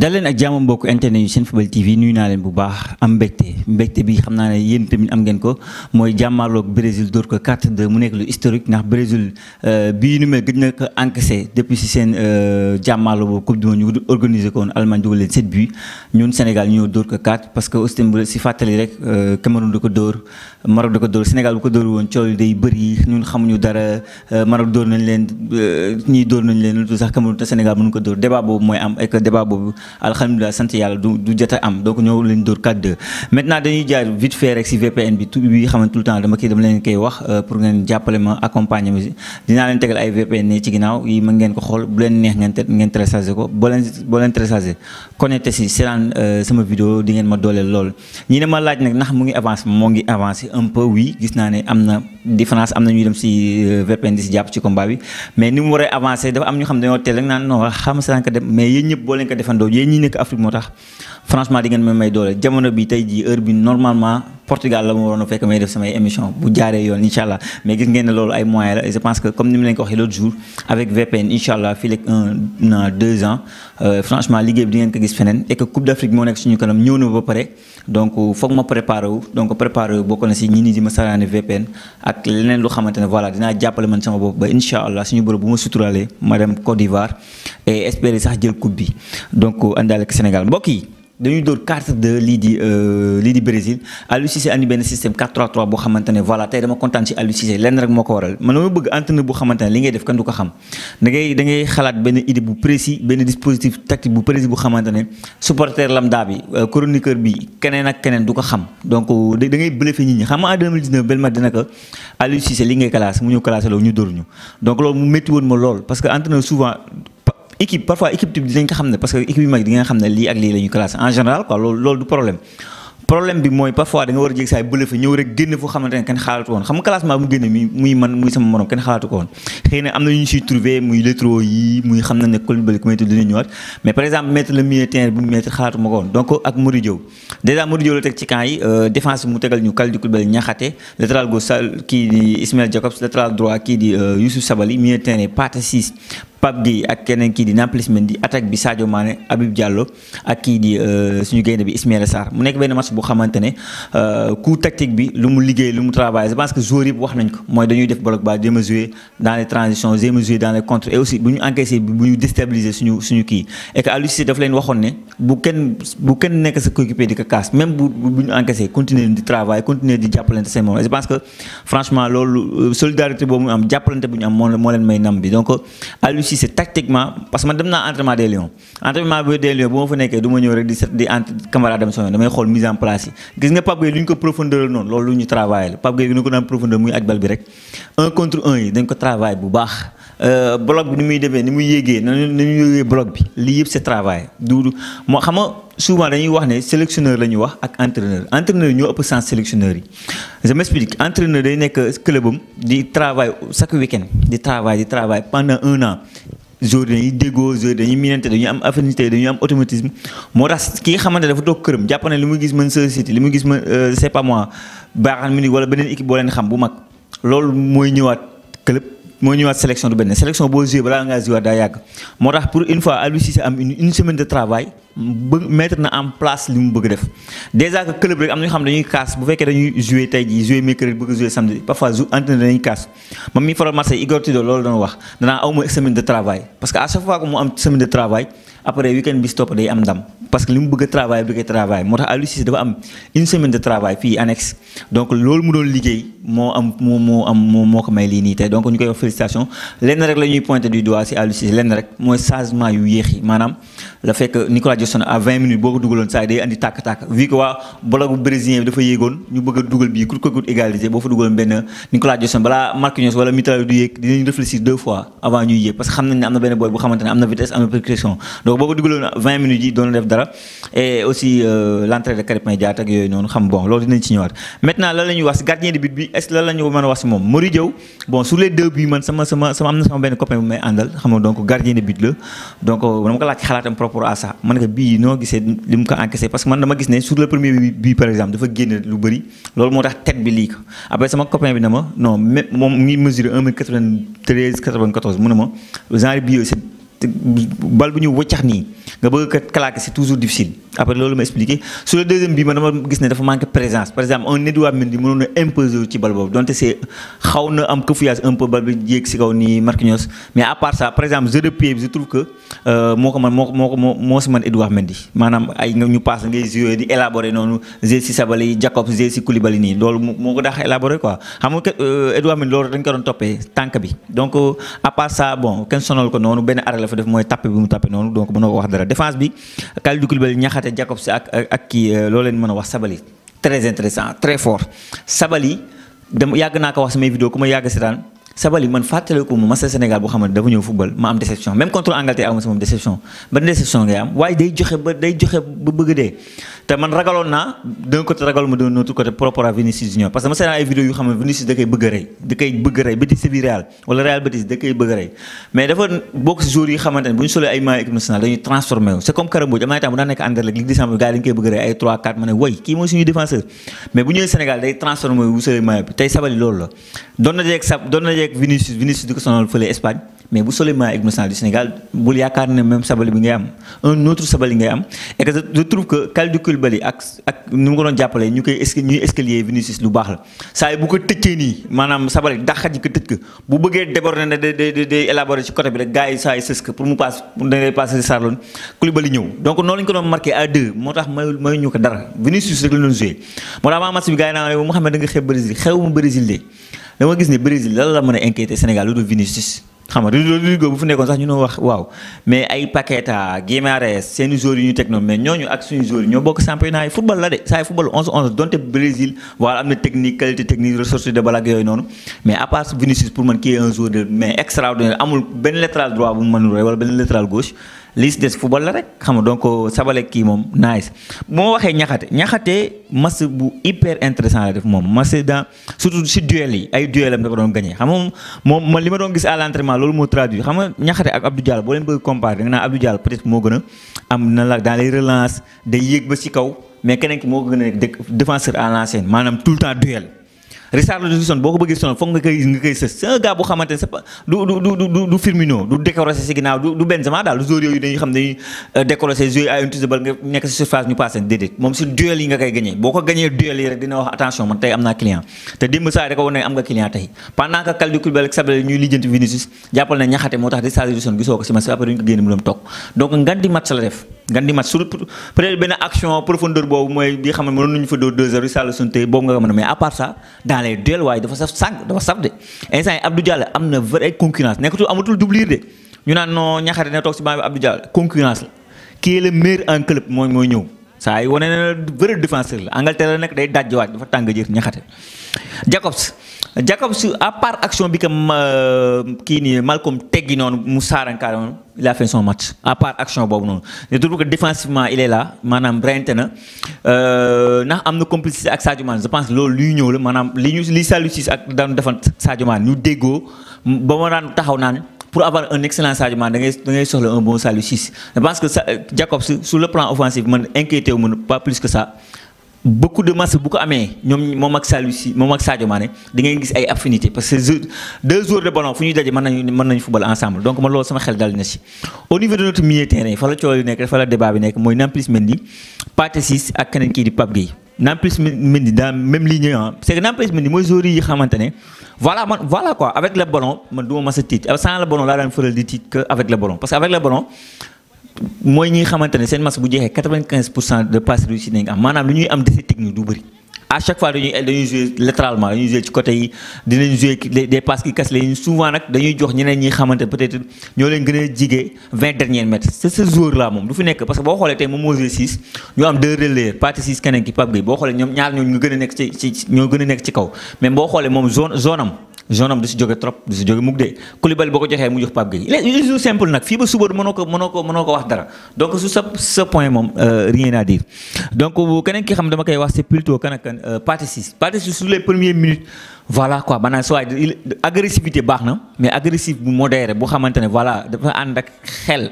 dal leen ak jàmm mbokk internet yi seen football TV nuyu naa leen bu baax am mbégte mbégte bi xam naa ne yéen tamit am ngeen ko mooy jàmmaarloog Brésil door ko 4-2 mu nekk lu historique ndax Brésil euh, bii nu mel gëj na ko encaissé depuis si seen euh, jàmmaarloo boobu coupe du monde ñu organisé ko woon Allemagne dugal leen 7 buts ñun Sénégal ñu ñëw dóor ko 4 parce que aussi bu si fàttali rek euh, Cameroun da ko dóor Maroc da ko dóor Sénégal bu ko dóor woon coow day bëri ñun xamuñu dara Maroc dóor nañ leen ñii door nañ leen lu sax Cameroun te Sénégal mënu ko door débat boobu mooy am ay débat boobu alhamdulilah sant yàlla du du a am donc ñoo leen dóor 4-2 maintenant dañuy jaar vite fait VPN bi tout bi xamante tout temps dama kii dama leen koy wax euh, pour ngeen jàppale ma accompagner mu ngi avancé moo ngi avancé un peu oui gis naa ne am na différence am na ñuy dem si euh, VPN di si jàpp ci combat bi mais ni mu waree avancé dafa am ñu xam dañoo teel rek naan non xam seraan ko dem mais yéen ñëpp boo leen ko defandoo yéen ñi nekk Afrique moo tax franchement di ngeen may doole jamono bi tey jii heure bi normalement Portugal la ma waroon a fekk may def samay émission bu jaaree yoon incha allah mais gis ngeen ne loolu ay moyens la et je pense que comme ni mu leen an deux ans euh, franchement liggéey bi di ngeen ko gis feneen et que Coupe d'Afrique moo nekk suñu kanam ñëw na ba pare donc euh, foog ma préparé donc préparé wu bokk na si ñi nii di ma saraane VPN ak leneen lu xamante ne voilà dinaa jàppale man sama bopp ba incha allah suñu bërëb bu ma suturalee ma dem Côte d'Ivoire et espérer sax jël coupe bi donc euh, àndaale ak Sénégal yi dañuy dóor 4-2 lii di euh, lii di Brésil Aliou Cissé andi benn système 4-3-3 boo xamante voilà tey dama kontaan ci Aliou lenn rek moo ko waral man dama bëgg entraîneur bu xamante li ngay def kan du ko xam da ngay da ngay xalaat benn idée bu précis benn dispositif tactique bu précis bu xamante ne supporter lambda bi euh, chroniqueur bi du ko xam donc euh, da ngay bluffé nit ñi xam naka Aliou li ngay classé mu ñëw classé loolu ñu dóor ñu donc loolu mu métti woon ma lool parce que entraîneur souvent. équipe parfois équipe type dinañ ko xam ne parce que équipe yu mag di nga xam ne lii ak lii la ñu en général quoi loolu loolu du problème problème bi mooy parfois da war a jéeg saay bële fa ñëw rek génn foo xamante ne kenn xaalatu woon xam nga classement bu muy man muy sama morom kenn xaalatu ko woon xëy na am na ñu siy trouvé muy lettre yi muy xam na ne Coulibaly ku may tudd dina mais par exemple mettre le milieu terrain bu mu mettre xalaatu ma ko woon donc ak Modou Diop dèjà la teg ci camp yi euh, défense mu tegal ñu Kalidou Coulibaly ñaxate latéral gauche kii di Ismaël Jacobs latéral droit bu xamante ne euh, bi lu mu liggéey lu mu travail je pense que joueurs yëpp wax nañ ko mooy dañuy def bloc bas jéem a dans les transitions jéem dans les contres et aussi bu ñu encaissé bu ñu déstabiliser suñu suñu kii et que Aliou daf leen waxoon ne bu kenn bu kenn nekk sa coéquipier di ko kaas même bu bu ñu encaissé continuer di travail continuer di jàppalante seen moom je pense que franchement loolu euh, solidarité boobu mu am jàppalante bu place yi gis nga Pape Gueye lu ñu ko profondeur noonu loolu ñu travaillé la Pape Gueye ñu ko daan profondeur muy aj bal bi rek un contre un yi dañ ko travail bu baax euh, bloc bi ni muy demee ni muy yéegee ni muy yéegee bloc bi lii yëpp c'est travail du moo xam souvent dañuy wax ne sélectionneur la wax ak entraîneur entraîneur ñoo ëpp sens sélectionneur yi je m'explique entraîneur day nekk clubam di travail chaque week di travail di travail pendant un jour dañuy déggoo jour dañuy miinante dañuy am affinité dañuy am automatisme moo tax ki nga xamante dafa toog këram jàpp ne li muy gis man société li muy gis man euh, c'est pas moi baaxal mi ni wala beneen équipe boo leen xam bu mag loolu mooy ñëwaat club moo ñëwaat sélection du benn sélection boo joué balaa ngaa joué daa yàgg moo tax pour une fois Aliou Cissé am une une semaine de travail bëgg mettre na en place li mu bëgg def déjà que club rek am na ñoo xam dañuy kaas bu fekkee dañuy joué tey jii joué mercredi bëgg joué samedi parfois jou entraîneur dañuy kaas moom mi faral Marseille Igor Tudor loolu doon wax danaa aw ma de travail parce que à chaque fois que mu am semaine de travail après weekend bi si topp day am ndam parce que li mu bëgg a travail bi koy travail moo tax Aliou dafa am une semaine de travail fii annexe donc loolu mu doon liggéey moo am moo moo am moo ko may lii nii tey donc ñu koy wax félicitation lenn rek la ñuy pointé du doigt si Aliou Cissé lenn rek mooy changement yu yéex yi maanaam la fekk Nicolas Jackson à 20 minutes boo ko dugaloon saa day andi tàkk-tàkk vu waa bologu brésilien bi dafa yéegoon ñu bëgg dugal bii coûte que coûte égalité boo fa dugaloon benn Nicolas Jackson balaa Marquinhos wala Militão du yéeg dinañ réfléchir deux fois avant ñuy yéeg parce que xam nañ ne am na benn boy bu xamante am na vitesse am na percussion donc boo ko dugaloon minutes yi doon def dara et aussi euh, l'entrée de Krépin Diatta moom Mory rapport à ça man nga bii noo gisee li mu ko encaissé parce que man dama gis ne sur le premier bii par exemple dafa génn lu bëri loolu moo tax tête bi lii ko après sama copain bi na ma non même moom ngi mesure 1 mètre 93 94 mu a ma genre bii yooyu bal bu ñu wëccax nii nga bëgg ko claquer c'est toujours difficile après loolu ma expliqué sur le deuxième bi ma dama gis ne dafa manqué présence par exemple un Edouard Mendy mënoon a imposer ci bal boobu donte di élaborer noonu g si Sabaly yi Jacobs si Koulibaly nii loolu moo ko daax élaborer quoi xam nga euh, euh, kenn sonal ko noonu benn arrêt dafa def mooy tapé bi mu tapé noonu donc mënoo wax dara défense bi Kalidou Koulibaly ñaxate Jacobs ak ak kii euh, loo leen mën a wax Sabali très intéressant très fort Sabali dem yàgg naa ko wax samay vidéo ku yàgg seetaan Sabali man fàttaliku mu match Sénégal boo xam dafa ñëw football ma am déception même contre Angleterre amu si moom déception ban déception ngay am waaye day joxe ba day joxe ba bëgg dee te man ragaloon naa d'un côté ragal ma d'un autre côté par rapport parce que ma seetaan ay vidéo yu xam ne koy bëgg rey da koy bëgg rey ay maillots équipe ma ne way kii mooy suñu défenseur mais bu ñëwee Sénégal day transformé wu solee maillot bi tey Sabaly loolu la doon na jeeg sa doon na jeeg Vinicius Vinicius fële Espagne mais bu Souleymane Ibn Sall du Sénégal bul yaakaar ne même Sabaly bi ngay am un autre Sabaly ngay am et que je trouve que Kalidou Koulibaly ak ak ni mu ko doon jàppalee ñu koy esca ñuy escalier Vinicius lu baax la saa bu ko tëccee nii maanaam Sabaly dàqa ji ko tëj bu bëggee déborder ne day day day élaborer ci côté bi rek gars yi saa yi sës ko pour mu passe pour da ngay passé Sarloon Koulibaly ñëw donc noonu la ko doon marqué à moo tax mayu mayu a inquiété Sénégal lu xam nga Rodrigo bu fu nekkoon sax ñu noo wax waaw mais ay Paqueta Guimaraes seen joueurs yu ñu teg mais ñooñu ak suñu joueurs ñoo bokk championnat yi football la de saa yu football 11 11 donte Brésil voilà am na technique qualité technique ressource de balak yooyu noonu mais à part pour man kii un joueur de mais extraordinaire amul benn latéral droit bu mu mënul wala benn latéral gauche. li des football la rek xam nga donc euh, Sabale kii moom nice moo waxee ñaxate ñaxate match bu hyper intéressant la def moom match dans surtout si duel yi ay duel am doon gagné xam nga moom li ma doon gis à l'entraînement loolu moo traduit xam nga ñaxate ak Abdou Diallo boo leen bëgg comparer da nga naan Abdou Diallo peut moo gën a am na la dans les day yéeg ba si kaw mais keneen ki moo gën a nekk défenseur à l'ancienne maanaam tout le temps duel. Richard Lisson boo ko bëggee sonal foog nga koy nga koy sës c'est un gars xamante ne c'est pas du du du du du Firmino du décorosé si ginnaaw du du Benzema daal joueurs yooyu dañuy xam dañuy euh, décorosé joueurs yi nga koy gagné boo ko gagné duel yi rek dina wax attention man tey am naa client te démb saa rek woon ne am nga client tey pendant que Kalidou Koulibaly ak Sabaly ñuy lijjanti Vinicius jàppal na ñaxate moo tax Richard Lisson gisoo ko si match après duñ ko génne mu dem toog donc ngan gan ni match surtout peut être benn action profondeur boobu mooy bi xam ne mënoon nañu fa dóor 2-0 Sall suñu tey boobu nga ko mën a mais à part ça dans waaye dafa saf sànq dafa saf de instant yi Abdou Diallo am na vraie concurrence nekkatul amatul doublure de ñu naan non ñaxare ne toog si banc bi Abdou Diallo concurrence la qui est le meilleur en club mooy mooy ñëw. saa yi wane na vrai défenseur la Angleterre la nekk day dajjiwaat dafa tàng jër ñaxate Jacobs Jacobs à part action bi kam euh, kii nii Malcolm teggi noonu mu saarankaare noonu il a fait son match à part action boobu noonu je trouve que défensivement il maanaam reyante na euh, ndax am na complicité ak Sadio Mané je loolu luy ñëw la maanaam li ñu li Saliou Ciss ak daanu defan Sadio Mané ñu déggoo ba ma daan taxaw naan pour avoir un excellent Sadio Mané da ngay da ngay soxla un bon Saliou Ciss je pense que Jacob sur le plan offensif man inquiété wu ma pas plus que ça beaucoup de masse bu ko amee ñoom moom ak Saliou moom ak Sadio Mané da gis ay affinités parce que deux joueurs de ballon fu ñuy daje mën nañu football ensemble donc man loolu sama xel dal na si. au niveau de notre milieu terrain fa la coow yu nekk fa la débat bi nekk mooy Nampalys Mendy Pathé Ciss ak keneen Nampalys Mendy dans même ligne ah c' est que Nampalys Mendy mooy joueur yi xamante ne voilà man voilà quoi avec le ballon man du ma mës a tiit sans le ballon laa daan faral di tiit que avec le ballon parce que avec le ballon mooy ñi xamante seen match bu jeexee quatre vingt quinze pour cent de passes réussies nañ am maanaam lu ñuy am déchet technique du bëri. à chaque fois dañuy dañuy jouer latéralement dañuy jouer ci côté yi dinañ jouer des passes qui cassent les souvent nag dañuy jox ñeneen ñi xamante peut-être ñoo leen gën a jige vingt derniers mètres c'est ce moom du fi nekk parce que boo xoolee tey moom moo jouer six ñoo am deux relais parti six keneen ki Pape Gueye boo xoolee ñoom ñaar ñoo ñu gën a nekk ci ci ñoo gën a nekk ci kaw mais boo xoolee moom zone zone am zone am du si jóge trop du si jóge mukk de Koulibaly boo ko joxee mu jox Pape Gueye il joue simple nag fii ba suba mënoo moom euh, rien à dire donc keneen ki xam dama koy wax c'est plutôt kan ak kan euh, Pathé Ciss Pathé Ciss sur les premières minutes voilà quoi maanaam soit agressivité baax na mais agressif bu modéré bu xamante ne voilà dafa ànd ak xel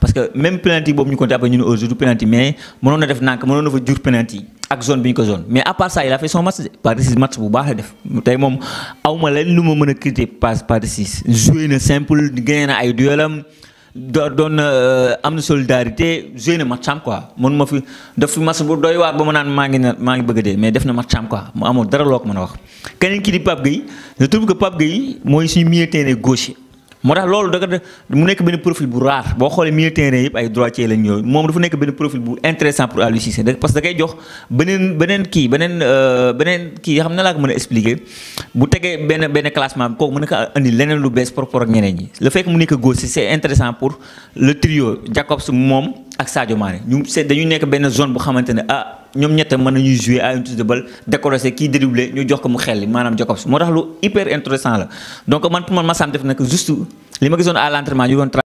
parce que même penalty boobu ñu compté après ñu ne aujourd'hui penalty mais mënoon na def nànk mënoon na fa jur penalty ak zone bi ñu ko zone mais à part ça il a fait son match Patrice match bu baax la def tey moom awma leen lu ma mën a critiquer pas Patrice na simple gagné na ay do doon na euh, am na solidarité joué na match am quoi ma fi def fi match bu doy waar ba ma naan maa ngi maa ngi bëgg a dee mais def na match am quoi mu amoo dara loo ko mën a wax. keneen ki di Pape Gueye je trouve que Pape Gueye mooy suñu milieu terrain gauche. moo tax loolu da nga mu nekk benn profil bu rare boo xoolee milieu terrain yëpp ay droitier lañ ñëw moom dafa nekk benn profil bu intéressant pour Aliou Cissé parce que da koy jox beneen beneen kii beneen euh, beneen kii xam na laa ko mën a expliquer bu tegee benn benn classement kooku mën na ko andi leneen lu bees par rapport ak ñeneen ñi le fait mu nekk gauche c'est intéressant pour le trio Jacobs moom ak Sadio Mané ñu dañu nekk benn zone bu xamante ne ah, ñoom ñett a nañuy jouer à une touche de kii dribblé ñu jox ko mu xel maanaam Jacobs moo tax lu hyper intéressant la donc man pour man Massam def na que juste li ma gisoon à l'entraînement ñu doon